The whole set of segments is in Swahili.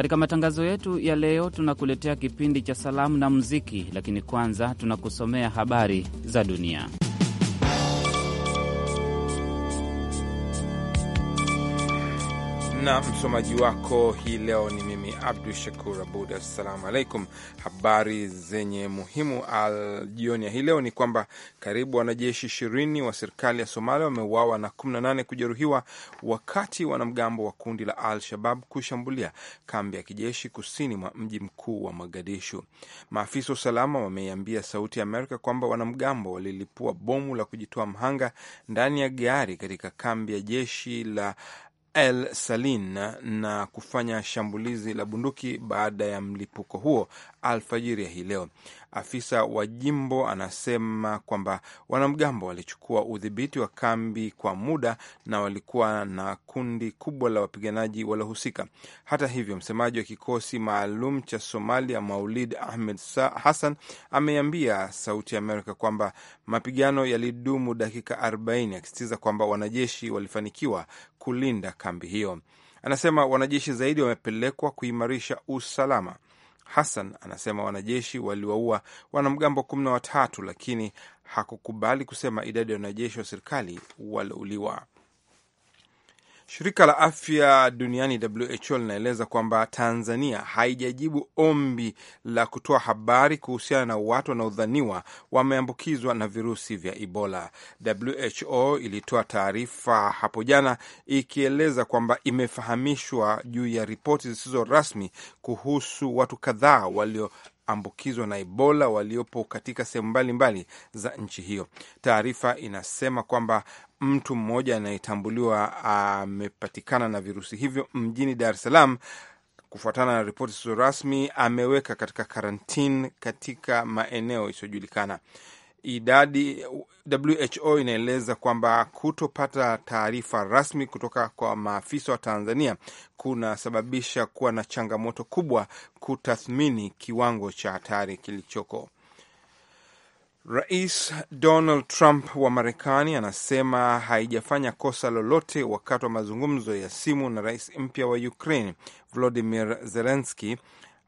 Katika matangazo yetu ya leo, tunakuletea kipindi cha salamu na muziki, lakini kwanza tunakusomea habari za dunia. na msomaji wako hii leo ni mimi Abdu Shakur Abud. Assalamu alaikum. Habari zenye muhimu jioni ya hii leo ni kwamba karibu wanajeshi ishirini wa serikali ya Somalia wameuawa na nane kujeruhiwa wakati wanamgambo wa kundi la Al Shabab kushambulia kambi ya kijeshi kusini mwa mji mkuu wa Mogadishu. Maafisa wa usalama wameiambia Sauti ya Amerika kwamba wanamgambo walilipua bomu la kujitoa mhanga ndani ya gari katika kambi ya jeshi la El Salin na kufanya shambulizi la bunduki baada ya mlipuko huo alfajiri ya hii leo. Afisa wa jimbo anasema kwamba wanamgambo walichukua udhibiti wa kambi kwa muda na walikuwa na kundi kubwa la wapiganaji waliohusika. Hata hivyo, msemaji wa kikosi maalum cha Somalia Maulid Ahmed Hassan ameambia Sauti ya Amerika kwamba mapigano yalidumu dakika 40, akisitiza kwamba wanajeshi walifanikiwa kulinda kambi hiyo. Anasema wanajeshi zaidi wamepelekwa kuimarisha usalama. Hassan anasema wanajeshi waliwaua wanamgambo kumi na watatu, lakini hakukubali kusema idadi ya wanajeshi wa serikali waliouliwa. Shirika la afya duniani WHO linaeleza kwamba Tanzania haijajibu ombi la kutoa habari kuhusiana na watu wanaodhaniwa wameambukizwa na virusi vya Ebola. WHO ilitoa taarifa hapo jana ikieleza kwamba imefahamishwa juu ya ripoti zisizo rasmi kuhusu watu kadhaa walio ambukizwa na Ebola waliopo katika sehemu mbalimbali za nchi hiyo. Taarifa inasema kwamba mtu mmoja anayetambuliwa amepatikana na virusi hivyo mjini Dar es Salaam kufuatana na ripoti zisizo rasmi, ameweka katika karantini katika maeneo isiyojulikana. Idadi WHO inaeleza kwamba kutopata taarifa rasmi kutoka kwa maafisa wa Tanzania kunasababisha kuwa na changamoto kubwa kutathmini kiwango cha hatari kilichoko. Rais Donald Trump wa Marekani anasema haijafanya kosa lolote wakati wa mazungumzo ya simu na rais mpya wa Ukraine Volodymyr Zelensky,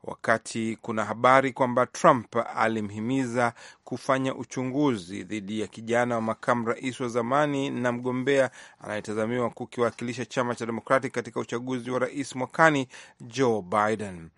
wakati kuna habari kwamba Trump alimhimiza kufanya uchunguzi dhidi ya kijana wa makamu rais wa zamani na mgombea anayetazamiwa kukiwakilisha chama cha demokrati katika uchaguzi wa rais mwakani Joe Biden.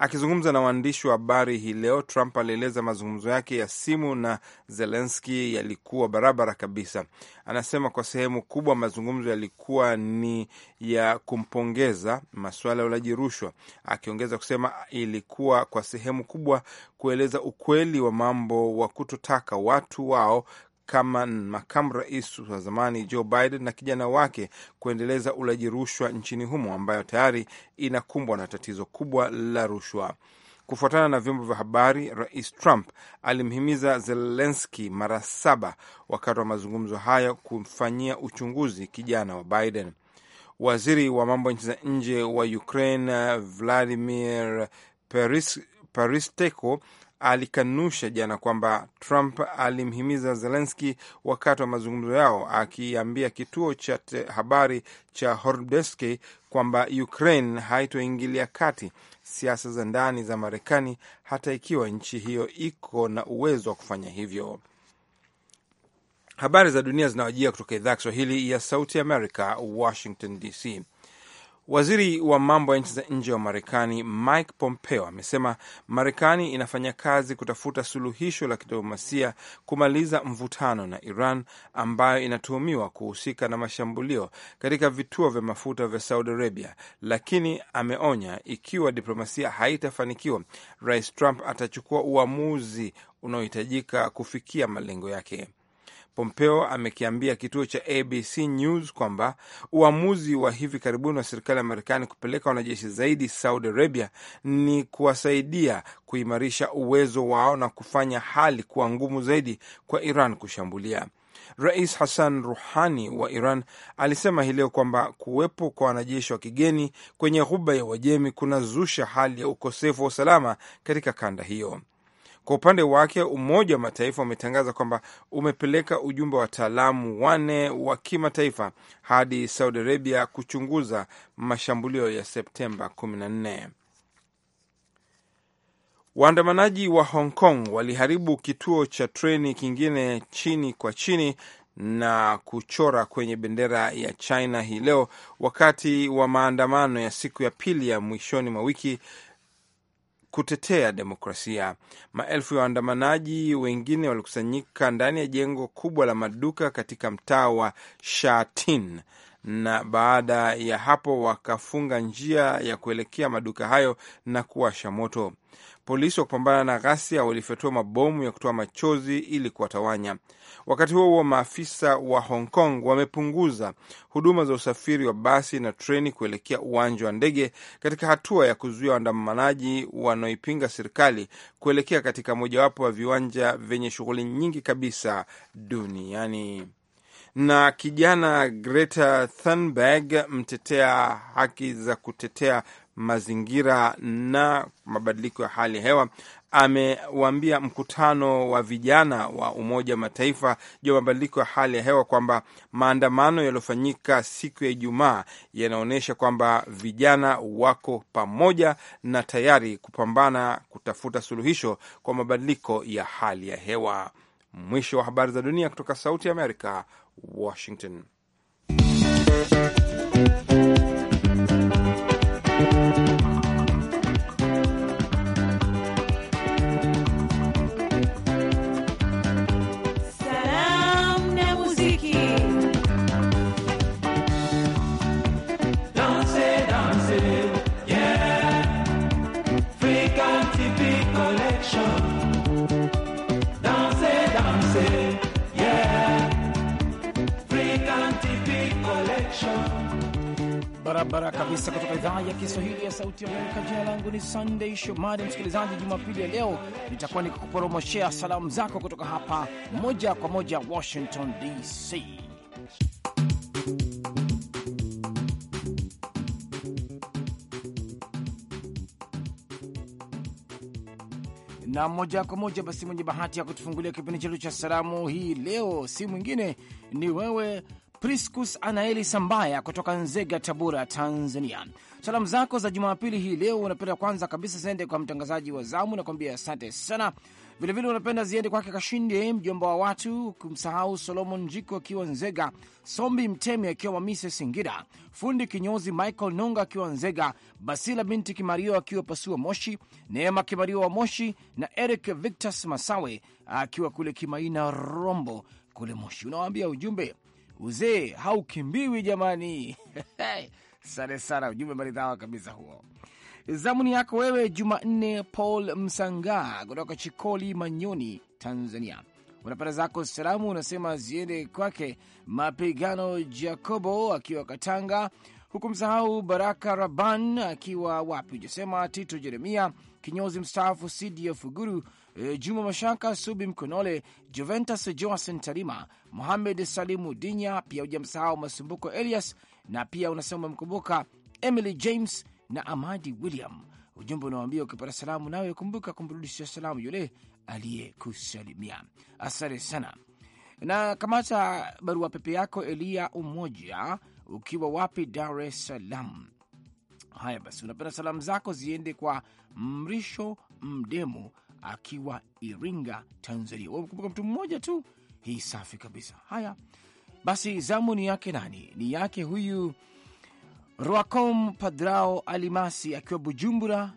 Akizungumza na waandishi wa habari hii leo, Trump alieleza mazungumzo yake ya simu na Zelenski yalikuwa barabara kabisa. Anasema kwa sehemu kubwa mazungumzo yalikuwa ni ya kumpongeza masuala ya ulaji rushwa, akiongeza kusema ilikuwa kwa sehemu kubwa kueleza ukweli wa mambo wa kutotaka watu wao kama makamu rais wa zamani Joe Biden na kijana wake kuendeleza ulaji rushwa nchini humo ambayo tayari inakumbwa na tatizo kubwa la rushwa. Kufuatana na vyombo vya habari, Rais Trump alimhimiza Zelenski mara saba wakati wa mazungumzo hayo kumfanyia uchunguzi kijana wa Biden. Waziri wa mambo ya nchi za nje wa Ukraine Vladimir Paris, alikanusha jana kwamba Trump alimhimiza Zelenski wakati wa mazungumzo yao, akiambia kituo cha habari cha Hordeski kwamba Ukraine haitoingilia kati siasa za ndani za Marekani hata ikiwa nchi hiyo iko na uwezo wa kufanya hivyo. Habari za dunia zinawajia kutoka idhaa ya Kiswahili ya Sauti Amerika, Washington DC. Waziri wa mambo ya nchi za nje wa Marekani Mike Pompeo amesema Marekani inafanya kazi kutafuta suluhisho la kidiplomasia kumaliza mvutano na Iran ambayo inatuhumiwa kuhusika na mashambulio katika vituo vya mafuta vya Saudi Arabia, lakini ameonya ikiwa diplomasia haitafanikiwa, Rais Trump atachukua uamuzi unaohitajika kufikia malengo yake. Pompeo amekiambia kituo cha ABC News kwamba uamuzi wa hivi karibuni wa serikali ya Marekani kupeleka wanajeshi zaidi Saudi Arabia ni kuwasaidia kuimarisha uwezo wao na kufanya hali kuwa ngumu zaidi kwa Iran kushambulia. Rais Hassan Ruhani wa Iran alisema hii leo kwamba kuwepo kwa wanajeshi wa kigeni kwenye Ghuba ya Uajemi kunazusha hali ya ukosefu wa usalama katika kanda hiyo. Kwa upande wake Umoja wa Mataifa umetangaza kwamba umepeleka ujumbe wa wataalamu wane wa kimataifa hadi Saudi Arabia kuchunguza mashambulio ya Septemba 14. Waandamanaji wa Hong Kong waliharibu kituo cha treni kingine chini kwa chini na kuchora kwenye bendera ya China hii leo wakati wa maandamano ya siku ya pili ya mwishoni mwa wiki kutetea demokrasia. Maelfu ya waandamanaji wengine walikusanyika ndani ya jengo kubwa la maduka katika mtaa wa Shatin na baada ya hapo wakafunga njia ya kuelekea maduka hayo na kuwasha moto. Polisi wa kupambana na ghasia walifyatua mabomu ya kutoa machozi ili kuwatawanya. Wakati huo huo, maafisa wa Hong Kong wamepunguza huduma za usafiri wa basi na treni kuelekea uwanja wa ndege katika hatua ya kuzuia waandamanaji wanaoipinga serikali kuelekea katika mojawapo wa viwanja vyenye shughuli nyingi kabisa duniani na kijana Greta Thunberg, mtetea haki za kutetea mazingira na mabadiliko ya hali ya hewa amewaambia mkutano wa vijana wa Umoja wa Mataifa juu ya mabadiliko ya hali ya hewa kwamba maandamano yaliyofanyika siku ya Ijumaa yanaonyesha kwamba vijana wako pamoja na tayari kupambana kutafuta suluhisho kwa mabadiliko ya hali ya hewa. Mwisho wa habari za dunia kutoka Sauti ya Amerika, Washington. Kiswahili ya Sauti ya Amerika. Jina langu ni Sunday Shomari. Msikilizaji, Jumapili ya leo nitakuwa nikikuporomoshea salamu zako kutoka hapa moja kwa moja Washington DC. na moja kwa moja basi, mwenye bahati ya kutufungulia kipindi chetu cha salamu hii leo si mwingine ni wewe Priscus Anaeli Sambaya kutoka Nzega, Tabora, Tanzania. Salamu zako za Jumapili hii leo unapenda kwanza kabisa ziende kwa mtangazaji wa zamu na kuambia asante sana. Vilevile unapenda ziende kwake Kashinde, mjomba wa watu, kumsahau Solomon Njiko akiwa Nzega, Sombi Mtemi akiwa Mamise Singira, fundi kinyozi Michael Nonga akiwa Nzega, Basila binti Kimario akiwa Pasua Moshi, Neema Kimario wa Moshi na Eric Victas Masawe akiwa kule Kimaina Rombo kule Moshi. Unawaambia ujumbe uzee haukimbiwi jamani. Sante sana, ujumbe maridhawa kabisa huo. Zamuni yako wewe Jumanne Paul msanga kutoka Chikoli, Manyoni, Tanzania. Unapata zako salamu, unasema ziende kwake Mapigano Jacobo akiwa Katanga, huku msahau Baraka Raban akiwa wapi, ujasema Tito Jeremia kinyozi mstaafu Sidia Fuguru, e, Juma Mashaka, Subi Mkonole, Juventus Joasen Tarima, muhamed Salimu Dinya, pia msahau Masumbuko Elias na pia unasema umemkumbuka Emily James na Amadi William. Ujumbe unawambia ukipata salamu nawe kumbuka kumrudishia salamu yule aliyekusalimia. Asante sana na kamata barua pepe yako Eliya Umoja, ukiwa wapi? Dar es Salaam. Haya basi, unapenda salamu zako ziende kwa Mrisho mdemo akiwa Iringa, Tanzania. Kumbuka mtu mmoja tu, hii safi kabisa. Haya basi, zamu ni yake nani? Ni yake huyu Roacom Padrao Alimasi akiwa Bujumbura,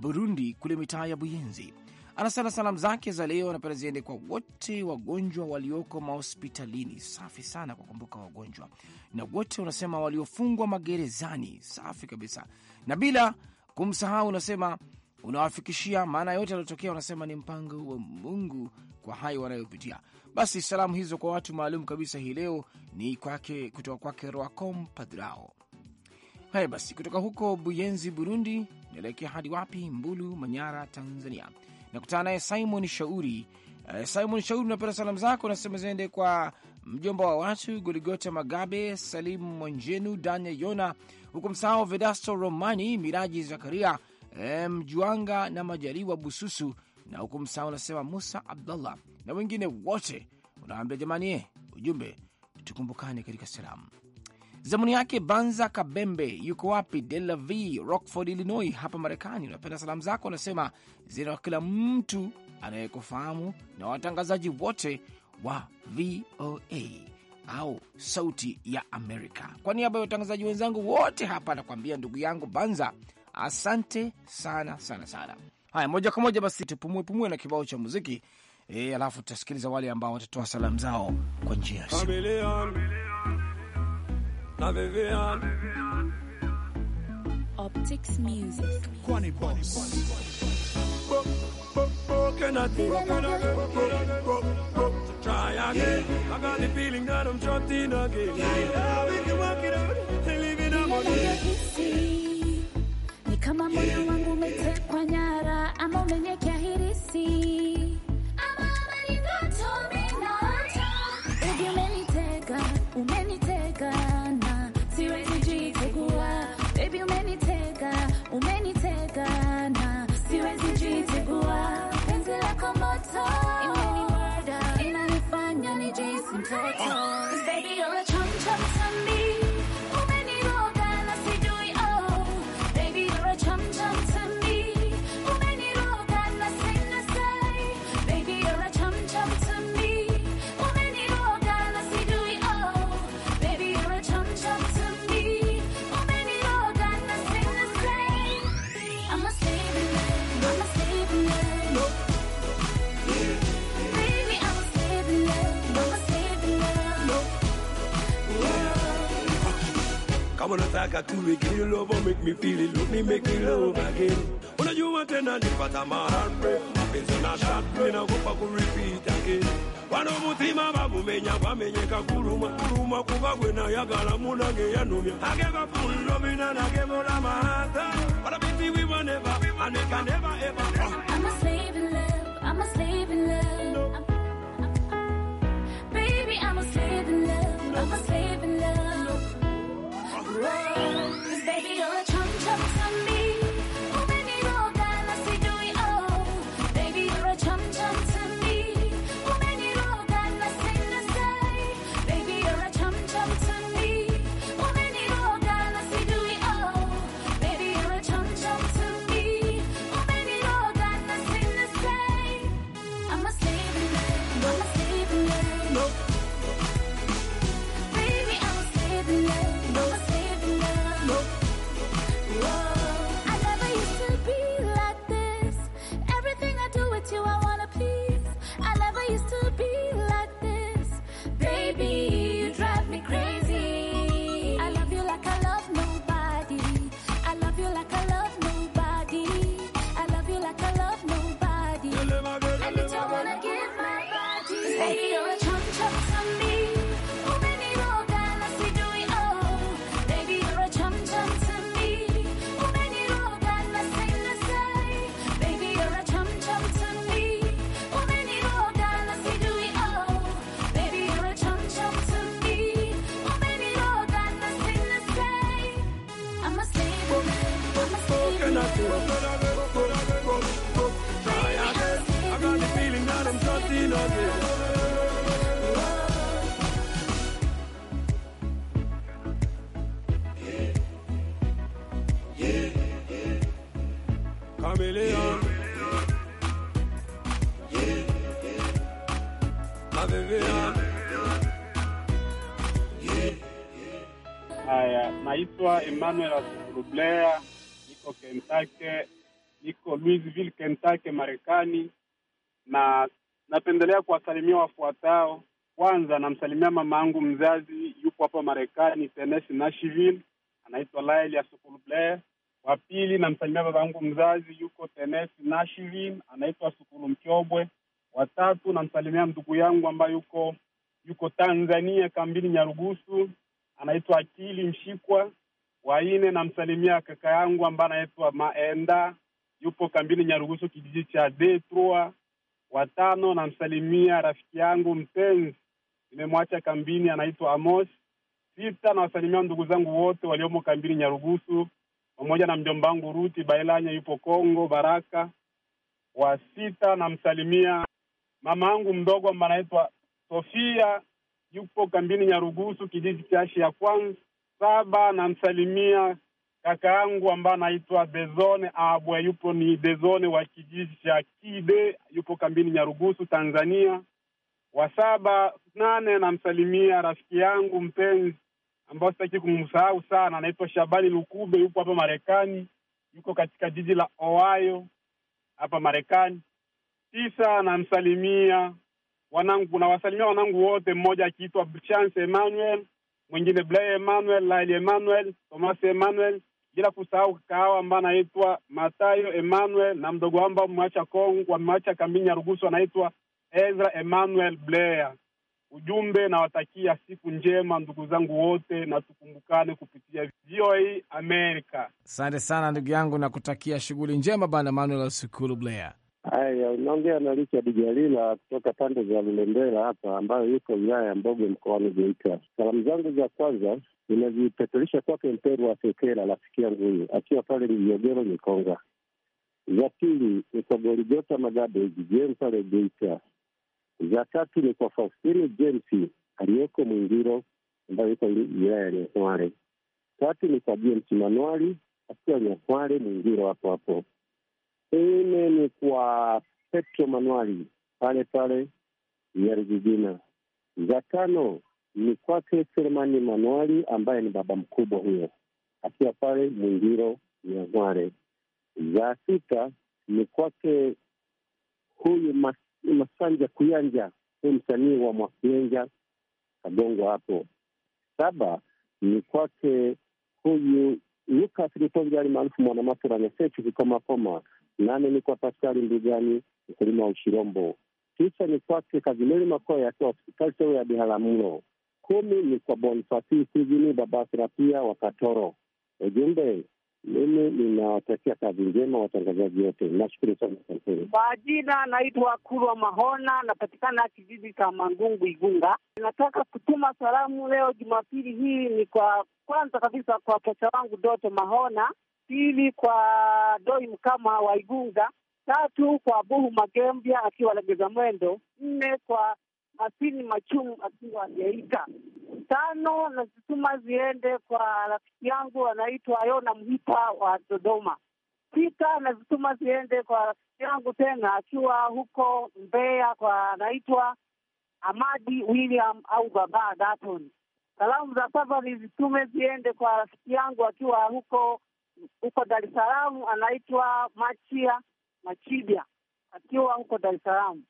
Burundi, kule mitaa ya Buyenzi anasema salamu zake za leo anapenda ziende kwa wote wagonjwa walioko mahospitalini. Safi sana kwa kumbuka wagonjwa, na wote unasema waliofungwa magerezani. Safi kabisa, na bila kumsahau unasema unawafikishia maana yote yaliyotokea, unasema ni mpango wa Mungu kwa hayo wanayopitia. Basi salamu hizo kwa watu maalum kabisa hii leo ni kwake, kutoka kwake Roacom Padrao. Haya basi, kutoka huko Buyenzi, Burundi naelekea hadi wapi? Mbulu, Manyara, Tanzania nakutana naye Simon Shauri. Uh, Simon Shauri, unapata salamu zako nasema ziende kwa mjomba wa watu Goligota Magabe, Salimu Mwanjenu, Daniel Yona, huku msahau Vedasto Romani, Miraji Zakaria, Mjuanga na Majaliwa Bususu, na huku msahau unasema Musa Abdallah na wengine wote. Unawambia jamani, eh, ujumbe tukumbukane katika salamu. Zamuni yake Banza Kabembe yuko wapi? Delav Rockford, Illinois hapa Marekani, unapenda salamu zako anasema zina kila mtu anayekufahamu na watangazaji wote wa VOA au Sauti ya Amerika. Kwa niaba ya watangazaji wenzangu wote hapa anakuambia ndugu yangu Banza, asante sana sana sana. Haya, moja kwa moja basi tupumue pumue na kibao cha muziki e, alafu tutasikiliza wale ambao watatoa salamu zao kwa njia ya simu. na Vivian. Optics Music. Kwani Boss. Broken at broken again, broke, to try again. I got the feeling that I'm in again. Yeah, we can work it out and it up kama moyo wangu umetekwa nyara, ama umenyekea hirisi, ama umenitega, umenitega Cause Baby, you're a chum chum to me. wanna talk a two week you love or make me feel it, love me, make me love again. When you want to know but I'm a heartbreak, it's on a shot, then I go back and repeat again. vanomutima vavumenya vamenyeka kuruma kuruma kuva kwena yagara munange yanumya akevapfundomina nakevola mahata vanapitiwi vaneva aneka neva eva naitwa Emmanuel Rublea, niko kentake niko Louisville, kentake Marekani, na napendelea kuwasalimia wafuatao. Kwanza namsalimia mama yangu mzazi, yupo hapa Marekani, Tennessee, Nashville, anaitwa Laeli Asukuluble. Wa pili namsalimia baba yangu mzazi, yuko Tennessee, Nashville, anaitwa Sukulu Mchobwe. Watatu namsalimia ndugu yangu ambaye yuko yuko Tanzania, kambini Nyarugusu, anaitwa Akili Mshikwa Waine. Namsalimia kaka yangu ambaye anaitwa Maenda, yupo kambini Nyarugusu, kijiji cha Detroa. Watano, namsalimia rafiki yangu mpenzi, nimemwacha kambini, anaitwa Amos. Sita, nawasalimia ndugu zangu wote waliomo kambini Nyarugusu pamoja na mjomba wangu Ruti Bailanya yupo Kongo Baraka. Wa sita namsalimia mama yangu mdogo ambaye anaitwa Sofia yupo kambini Nyarugusu, kijiji cha ashi ya kwanza saba. Namsalimia kaka yangu ambaye anaitwa Dezone Abwe, yupo ni Dezone wa kijiji cha Kibe, yupo kambini Nyarugusu, Tanzania. Wa saba nane, namsalimia rafiki yangu mpenzi ambayo sitaki kumsahau sana, anaitwa Shabani Lukube, yupo hapa Marekani, yuko katika jiji la Ohio hapa Marekani. Tisa, namsalimia wanangu, nawasalimia wanangu wote, mmoja akiitwa Chance Emmanuel, mwingine Blay Emmanuel, Laili Emmanuel, Thomas Emmanuel, bila kusahau kakaawa ambaye anaitwa Matayo Emmanuel na mdogo wao ambao wameacha Kongo, wameacha kambini ya ruguso anaitwa Ezra Emmanuel Blair. Ujumbe nawatakia siku njema ndugu zangu wote, na tukumbukane kupitia VOA Amerika. Asante sana ndugu yangu, na kutakia shughuli njema bana Manuel Sukuru Blair. Haya, unaongea na Richard Jalila kutoka pande za Lulembela hapa, ambayo yuko wilaya ya mbogo mkoani Geita. Salamu zangu za kwanza ninazipeperisha kwake Mperu wa Sekela, rafiki yangu huyu akiwa pale Mijogero Mikonga. Za pili ni kwa gorigota Magabeji James pale Geita. Za tatu ni kwa Faustini James aliyeko Mwingiro, ambayo yuko wilaya ya Nyakware. Tatu ni kwa James Manuali akiwa Nyakwale Mwingiro hapo hapo Ine ni kwa Petro manuali pale pale Yarigigina. Za tano ni kwake Selemani manuali ambaye ni baba mkubwa huyo, akiwa pale Mwingiro Nyang'wale. Za sita ni kwake huyu mas, Masanja Kuyanja, huyu msanii wa Mwakienja kagongwa hapo. Saba ni kwake huyu Lucas Mtongari maarufu Mwanamasura Nyasechu Kikomakoma. Nane ni kwa paskali Mbigani mkulima wa Ushirombo. Tisa ni kwake Kazimiri Makoya akiwa hospitali teule ya Biharamulo. Kumi ni kwa Bonifasi Sijini Babasira pia wa Katoro. Ujumbe mimi ninawatakia kazi njema watangazaji wote, nashukuru sana. Kwa jina naitwa Kulwa Mahona, napatikana kijiji cha Mangungu, Igunga. Nataka kutuma salamu leo Jumapili hii ni kwa kwanza kabisa kwa pocha wangu Doto Mahona, pili kwa Doi Mkama wa Igunga, tatu kwa Buhu Magembya akiwa Legeza Mwendo, nne kwa Masini Machumu akiwa Geita, tano nazituma ziende kwa rafiki yangu anaitwa Yona Mhita wa Dodoma. Sita nazituma ziende kwa rafiki yangu tena akiwa huko Mbeya kwa anaitwa Amadi William au Baba Daton. Salamu za saba nizitume ziende kwa rafiki yangu akiwa huko huko Dar es Salaam anaitwa Machia Machibia akiwa huko Dar es Salaam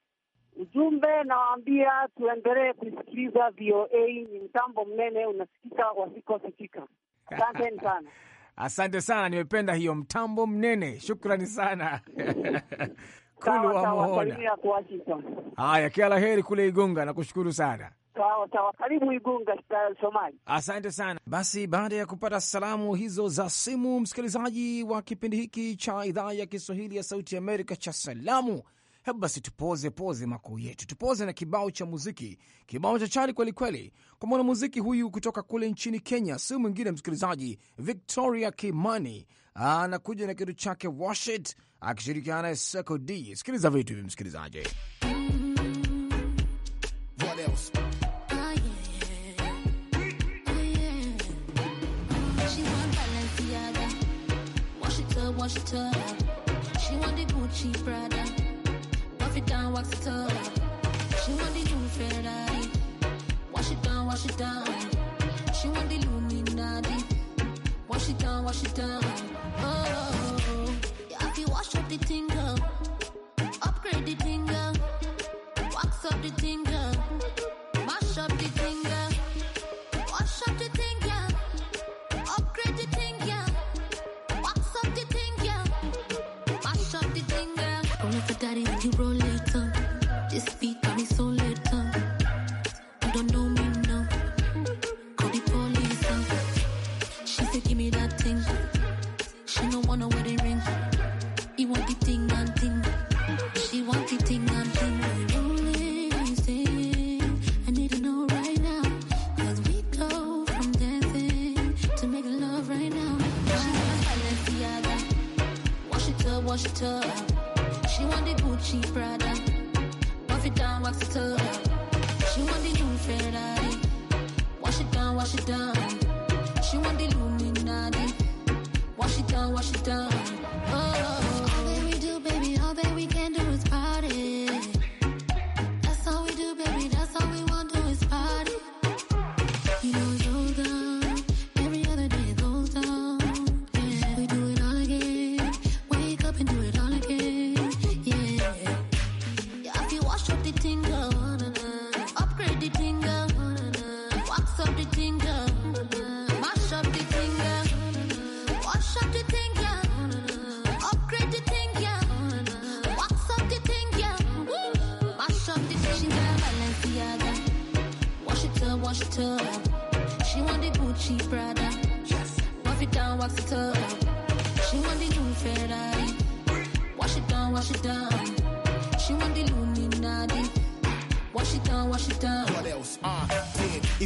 ujumbe nawaambia tuendelee kuisikiliza VOA. Ni mtambo mnene, unasikika wasikosikika. Asanteni sana. Asante sana, nimependa hiyo, mtambo mnene. Shukrani sana Kulu wamuona. Haya, kila la heri kule Igunga, nakushukuru sana. Asante sana. Basi baada ya kupata salamu hizo za simu, msikilizaji wa kipindi hiki cha idhaa ya Kiswahili ya Sauti Amerika cha salamu hebu basi tupoze poze makuu yetu, tupoze na kibao cha muziki, kibao cha chali kwelikweli, kwa mwanamuziki huyu kutoka kule nchini Kenya, si mwingine msikilizaji, Victoria Kimani anakuja na kitu chake Washit akishirikiana naye Seko D. Sikiliza vitu hivi msikilizaji. She want the Gucci Prada down, wax it up. She want the new Ferrari. Wash it down, wash it down. She want the Illuminati. Wash it down, wash it down. Oh, yeah, I feel wash up the tingle.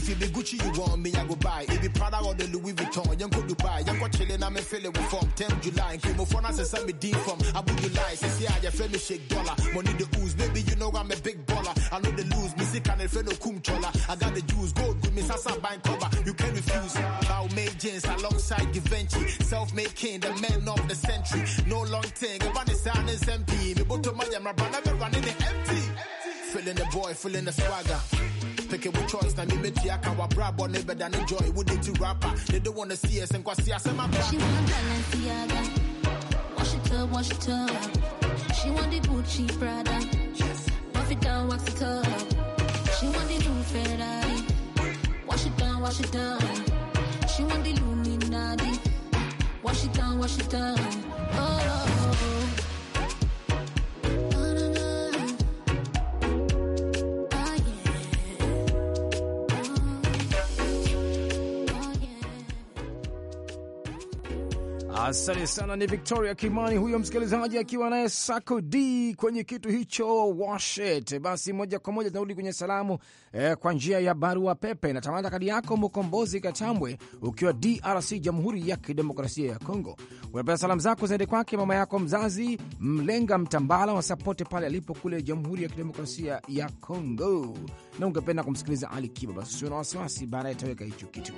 If it be Gucci you want me, I go buy. If it Prada or the Louis Vuitton, young go Dubai. Young go chillin', I'm a feeling with form. 10 July, and came on, I said, send me deep from. I book the lies, see, I feel me shake dollar. Money the ooze, baby, you know I'm a big baller. I know the lose, me sick and feel no cum chola. I got the juice, gold with me, sasa bank cover. You can't refuse. Bow made jeans alongside Givenchy. Self-made king, the man of the century. No long thing, I am running, sound is Me go to my, I'm running empty. Feeling the boy, feeling the swagger make choice. bra, than enjoy. it to rapper? They don't want to see us and as a She want Wash it up, wash it up. She want the Gucci Prada. Yes. Buff it down, wax it up. She want the new Ferrari. Wash it down, wash it down. She want the Illuminati. Wash it down, wash it down. Oh, Asante sana, ni Victoria Kimani huyo msikilizaji akiwa naye Sako D kwenye kitu hicho washet. Basi moja kwa moja tunarudi kwenye salamu eh, kwa njia ya barua pepe. Natamata kadi yako Mkombozi Katambwe ukiwa DRC, Jamhuri ya Kidemokrasia ya Kongo. Unapea salamu zako zaende kwake mama yako mzazi Mlenga Mtambala wasapote pale alipo kule Jamhuri ya Kidemokrasia ya Kongo, na ungependa kumsikiliza Ali Kiba. Basi usio na wasiwasi, baadaye itaweka hicho kitu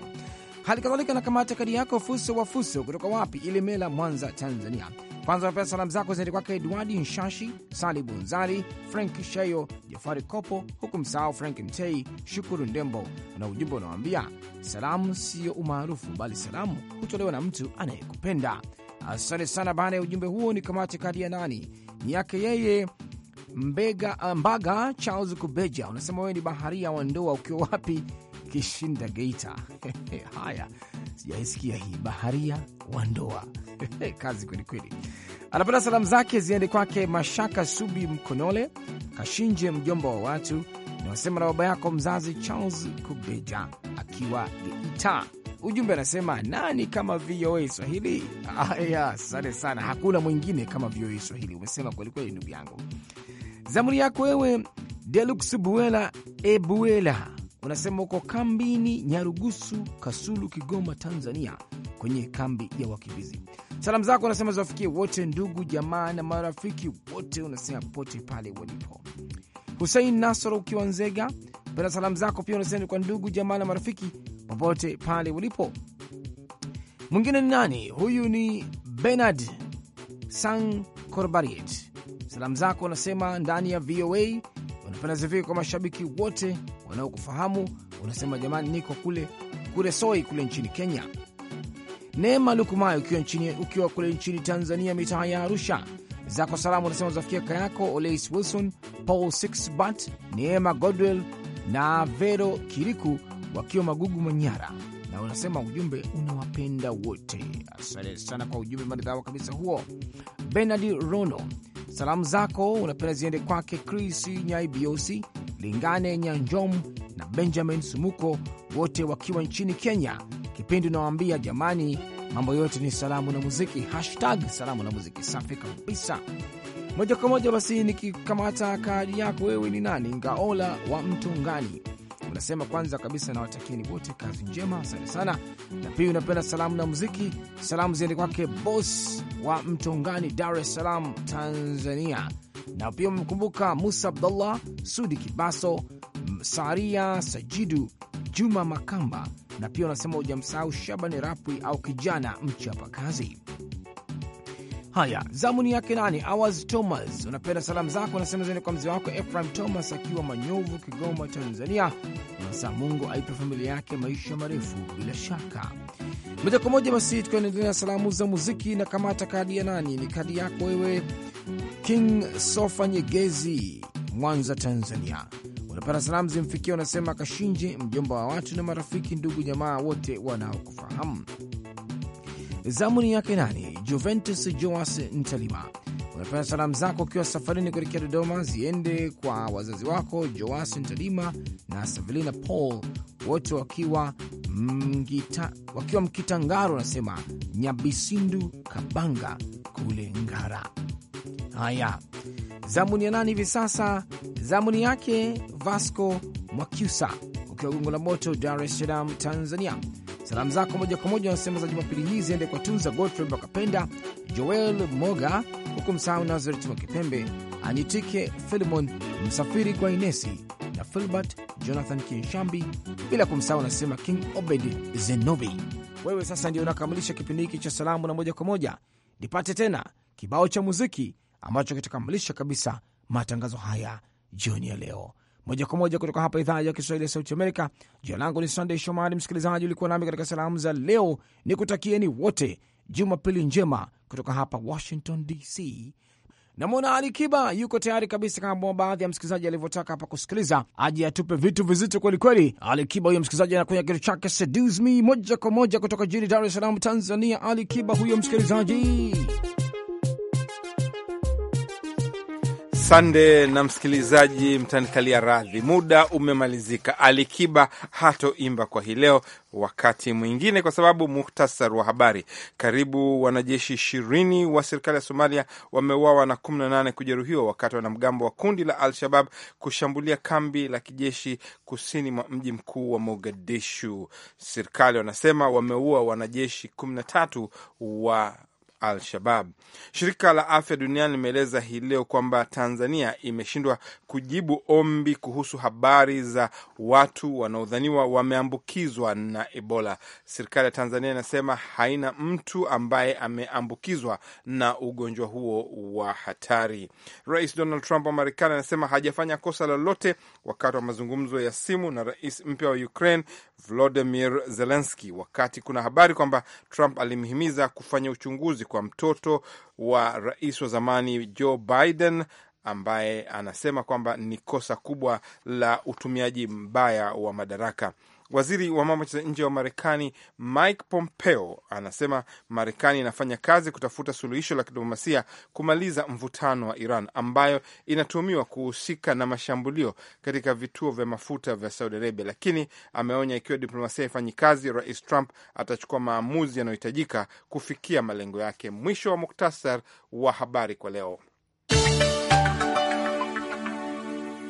Hali kadhalika nakamata kadi yako Fuso wa Fuso kutoka wapi? mela Mwanza, Tanzania. Kwanza napea salamu zako zende kwake Edwadi Nshashi, Sali Bunzali, Frank Sheyo, Jafari Kopo, huku msahau Frank Mtei, Shukuru Ndembo, na ujumbe unawambia salamu siyo umaarufu, bali salamu hutolewa na mtu anayekupenda. Asante sana. Baada ya ujumbe huo, ni kamate kadi ya nani? Ni yake yeye Mbega Mbaga Charles Kubeja, unasema wewe ni baharia wa ndoa, ukiwa wapi? ukishinda Geita. Haya, sijaisikia hii baharia wa ndoa kazi kwelikweli. Anapenda salamu zake ziende kwake Mashaka Subi Mkonole Kashinje, mjomba wa watu na wasema na baba yako mzazi Charles Kubeja akiwa Geita. Ujumbe anasema nani kama VOA Swahili? Aya, asante sana, hakuna mwingine kama VOA Swahili. Umesema kwelikweli, ndugu yangu. Zamuri yako wewe Delux Buela Ebuela unasema uko kambini Nyarugusu, Kasulu, Kigoma, Tanzania, kwenye kambi ya wakimbizi. Salamu zako unasema ziwafikie wote, ndugu jamaa na marafiki wote, unasema popote pale walipo. Husein Nasoro ukiwa Nzega, pena salamu zako pia unasema kwa ndugu jamaa na marafiki popote pale walipo. Mwingine ni nani huyu? Ni Benard San Corbariet. Salamu zako unasema ndani ya VOA panazivika kwa mashabiki wote wanaokufahamu. Unasema jamani, niko kule Kuresoi kule nchini Kenya. Neema Lukumayo ukiwa, nchini, ukiwa kule nchini Tanzania, mitaa ya Arusha, zako salamu unasema zafikia kaka yako Oleis Wilson, Paul Sixbat, Neema Godwell na Vero Kiriku wakiwa Magugu, Manyara, na unasema ujumbe unawapenda wote. Asante sana kwa ujumbe maridhawa kabisa huo. Bernard Rono Salamu zako unapenda ziende kwake Chris Nyaibiosi, Lingane Nyanjom na Benjamin Sumuko, wote wakiwa nchini Kenya. Kipindi unawaambia jamani, mambo yote ni salamu na muziki, hashtag salamu na muziki. Safi kabisa. Moja kwa moja basi nikikamata kadi yako, wewe ni nani? Ngaola wa Mtungani, unasema kwanza kabisa nawatakieni wote kazi njema, asante sana. Na pia unapenda salamu na muziki, salamu ziende kwake Bos wa Mtongani, Dar es Salaam, Tanzania, na pia umemkumbuka Musa Abdullah, Sudi Kibaso, Saria Sajidu, Juma Makamba, na pia unasema ujamsahau Shabani Rapwi au kijana mchapa kazi. Haya, zamuni yake nani? Awas Thomas, unapenda salamu zako unasema zene kwa mzee wako Efraim Thomas akiwa Manyovu, Kigoma, Tanzania. Unasema Mungu aipe familia yake maisha marefu. Bila shaka moja kwa moja basi tukaendelea na salamu za muziki, na kamata kadi ya nani? Ni kadi yako wewe, King Sofa Nyegezi, Mwanza, Tanzania. unapenda salamu zimfikia, unasema Kashinje, mjomba wa watu na marafiki, ndugu jamaa wote wanaokufahamu Zamu ni yake nani? Juventus Joas Ntalima, unapenda salamu zako ukiwa safarini kuelekea Dodoma ziende kwa wazazi wako Joas Ntalima na Savelina Paul, wote wakiwa mgita, wakiwa Mkitangaro, anasema Nyabisindu Kabanga kule Ngara. Haya, zamuni ya nani hivi sasa? Zamuni yake Vasco Mwakyusa ukiwa Gongo la Moto, Dar es Salaam, Tanzania Salamu zako moja kwa moja wanasema za Jumapili hii ziende kwa Tunza Godfrey Bakapenda, Joel Moga, huku msahau nazaret Mwakipembe, Anyitike Filimon Msafiri, kwa Inesi na Filbert Jonathan Kinshambi, bila kumsahau anasema King Obed Zenobi. Wewe sasa ndio unakamilisha kipindi hiki cha salamu na moja kwa moja. Nipate tena kibao cha muziki ambacho kitakamilisha kabisa matangazo haya jioni ya leo moja kwa moja kutoka hapa idhaa ya Kiswahili ya Sauti Amerika. Jina langu ni sandey Shomari. Msikilizaji, ulikuwa nami katika salamu za leo, ni kutakieni wote jumapili njema kutoka hapa Washington DC. Namwona Ali Kiba yuko tayari kabisa, kama baadhi ya msikilizaji alivyotaka hapa kusikiliza, aje atupe vitu vizito kwelikweli. Ali Kiba huyo msikilizaji anakunya kitu chake Seduce Me moja kwa moja kutoka jijini Dar es Salaam, Tanzania. Ali Kiba huyo msikilizaji Sande na msikilizaji, mtanikalia radhi, muda umemalizika. Alikiba hatoimba kwa hii leo, wakati mwingine, kwa sababu muhtasar wa habari. Karibu wanajeshi ishirini wa serikali ya Somalia wameuawa na kumi na nane kujeruhiwa wakati wanamgambo wa kundi la Al-Shabab kushambulia kambi la kijeshi kusini mwa mji mkuu wa Mogadishu. Serikali wanasema wameua wanajeshi kumi na tatu wa Al-Shabab. Shirika la Afya Duniani limeeleza hii leo kwamba Tanzania imeshindwa kujibu ombi kuhusu habari za watu wanaodhaniwa wameambukizwa na Ebola. Serikali ya Tanzania inasema haina mtu ambaye ameambukizwa na ugonjwa huo wa hatari. Rais Donald Trump wa Marekani anasema hajafanya kosa lolote wakati wa mazungumzo ya simu na rais mpya wa Ukraine Volodymyr Zelensky, wakati kuna habari kwamba Trump alimhimiza kufanya uchunguzi kwa mtoto wa rais wa zamani Joe Biden ambaye anasema kwamba ni kosa kubwa la utumiaji mbaya wa madaraka. Waziri wa mambo ya nje wa Marekani Mike Pompeo anasema Marekani inafanya kazi kutafuta suluhisho la kidiplomasia kumaliza mvutano wa Iran ambayo inatuhumiwa kuhusika na mashambulio katika vituo vya mafuta vya Saudi Arabia, lakini ameonya ikiwa diplomasia haifanyi kazi, Rais Trump atachukua maamuzi yanayohitajika kufikia malengo yake. Mwisho wa muktasar wa habari kwa leo.